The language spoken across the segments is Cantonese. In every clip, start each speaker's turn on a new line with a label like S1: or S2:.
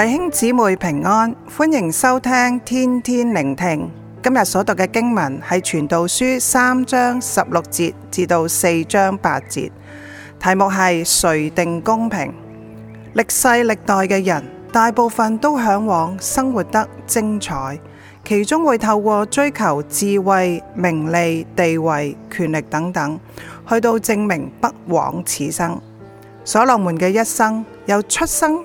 S1: 弟兄姊妹平安，歡迎收聽天天靈聽。今日所讀嘅經文係《傳道書》三章十六節至到四章八節，題目係“誰定公平”。歷世歷代嘅人大部分都向往生活得精彩，其中會透過追求智慧、名利、地位、權力等等，去到證明不枉此生。所羅門嘅一生由出生，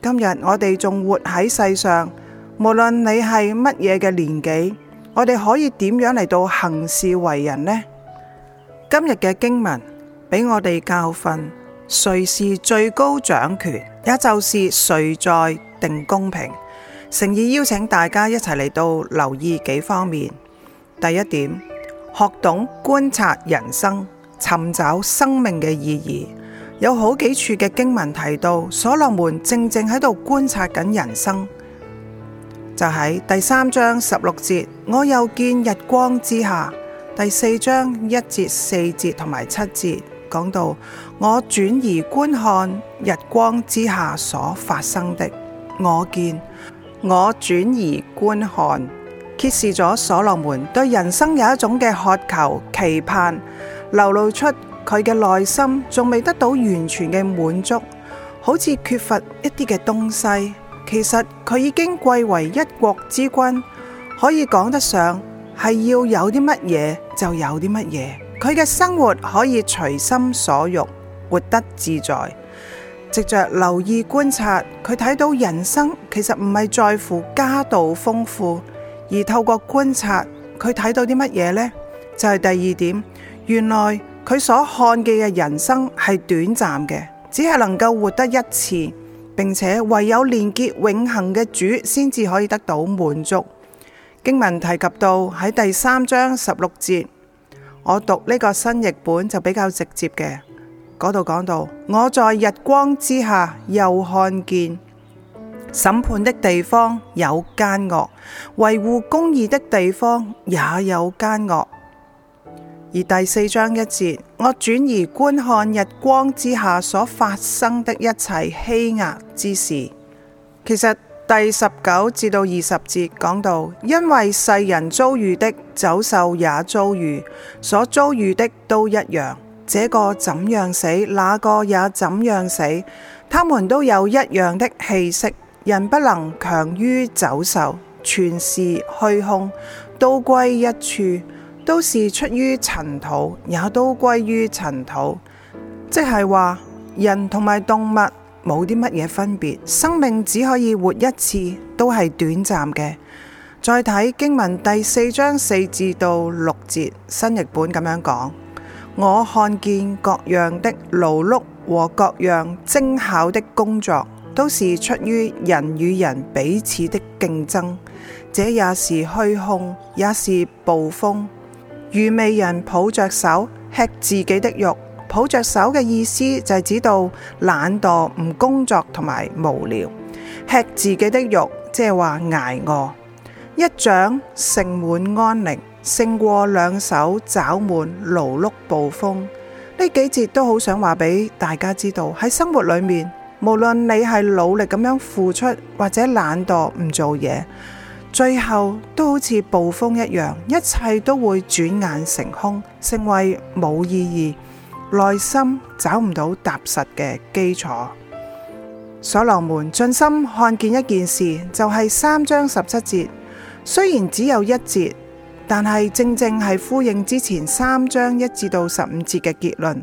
S1: 今日我哋仲活喺世上，無論你係乜嘢嘅年紀，我哋可以點樣嚟到行事為人呢？今日嘅經文俾我哋教訓，誰是最高掌權，也就是誰在定公平。誠意邀請大家一齊嚟到留意幾方面。第一點，學懂觀察人生，尋找生命嘅意義。有好幾處嘅經文提到，所羅門正正喺度觀察緊人生，就喺、是、第三章十六節，我又見日光之下；第四章一節、四節同埋七節講到，我轉而觀看日光之下所發生的，我見，我轉而觀看，揭示咗所羅門對人生有一種嘅渴求、期盼，流露出。佢嘅內心仲未得到完全嘅滿足，好似缺乏一啲嘅東西。其實佢已經貴為一國之君，可以講得上係要有啲乜嘢就有啲乜嘢。佢嘅生活可以隨心所欲，活得自在。藉着留意觀察，佢睇到人生其實唔係在乎家道豐富，而透過觀察，佢睇到啲乜嘢呢？就係第二點，原來。佢所看見嘅人生係短暫嘅，只係能夠活得一次。並且唯有連結永恆嘅主，先至可以得到滿足。經文提及到喺第三章十六節，我讀呢個新譯本就比較直接嘅。嗰度講到，我在日光之下又看見，審判的地方有奸惡，維護公義的地方也有奸惡。而第四章一節，我轉而觀看日光之下所發生的一切欺壓之事。其實第十九至到二十節講到，因為世人遭遇的，走獸也遭遇，所遭遇的都一樣。這個怎樣死，那個也怎樣死，他們都有一樣的氣息。人不能強於走獸，全是虛空，都歸一處。都是出於塵土，也都歸於塵土，即係話人同埋動物冇啲乜嘢分別，生命只可以活一次，都係短暫嘅。再睇經文第四章四至到六節新譯本咁樣講，我看見各樣的勞碌和各樣精巧的工作，都是出於人與人彼此的競爭，這也是虛空，也是捕風。愚昧人抱着手吃自己的肉，抱着手嘅意思就係指到懶惰唔工作同埋無聊。吃自己的肉即係話挨餓。一掌盛滿安寧，勝過兩手抓滿勞碌捕風。呢幾節都好想話俾大家知道喺生活裏面，無論你係努力咁樣付出，或者懶惰唔做嘢。最後都好似捕風一樣，一切都會轉眼成空，成為冇意義，內心找唔到踏實嘅基礎。所羅門進深看見一件事，就係、是、三章十七節。雖然只有一節，但係正正係呼應之前三章一至到十五節嘅結論。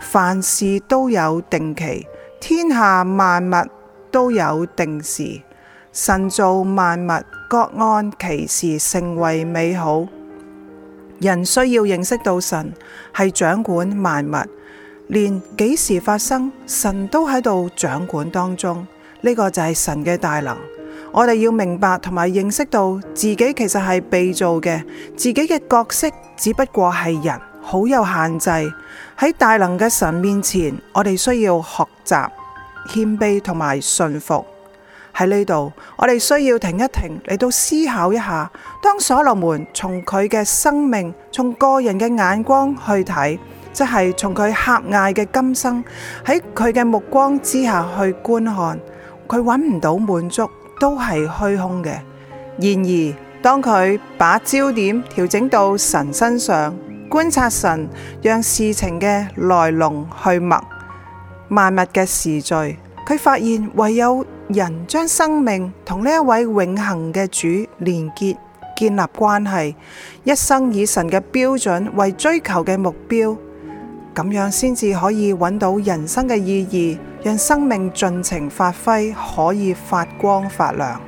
S1: 凡事都有定期，天下萬物都有定時，神造萬物。各按其時成為美好。人需要認識到神係掌管萬物，連幾時發生，神都喺度掌管當中。呢、這個就係神嘅大能。我哋要明白同埋認識到自己其實係被造嘅，自己嘅角色只不過係人，好有限制。喺大能嘅神面前，我哋需要學習謙卑同埋順服。喺呢度，我哋需要停一停嚟到思考一下。當所羅門從佢嘅生命、從個人嘅眼光去睇，即係從佢狹隘嘅今生喺佢嘅目光之下去觀看，佢揾唔到滿足，都係虛空嘅。然而，當佢把焦點調整到神身上，觀察神，讓事情嘅來龍去脈、萬物嘅時序。佢發現，唯有人將生命同呢一位永恒嘅主連結，建立關係，一生以神嘅標準為追求嘅目標，咁樣先至可以揾到人生嘅意義，讓生命盡情發揮，可以發光發亮。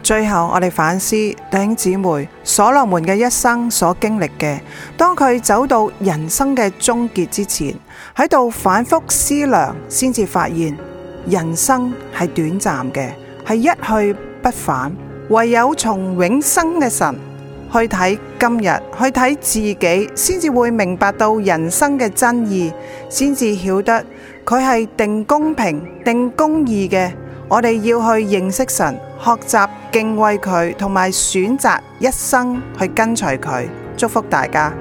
S1: 最後，我哋反思，弟兄姊妹，所羅門嘅一生所經歷嘅，當佢走到人生嘅終結之前，喺度反復思量，先至發現。人生係短暫嘅，係一去不返，唯有從永生嘅神去睇今日，去睇自己，先至會明白到人生嘅真意，先至曉得佢係定公平、定公義嘅。我哋要去認識神，學習敬畏佢，同埋選擇一生去跟隨佢。祝福大家。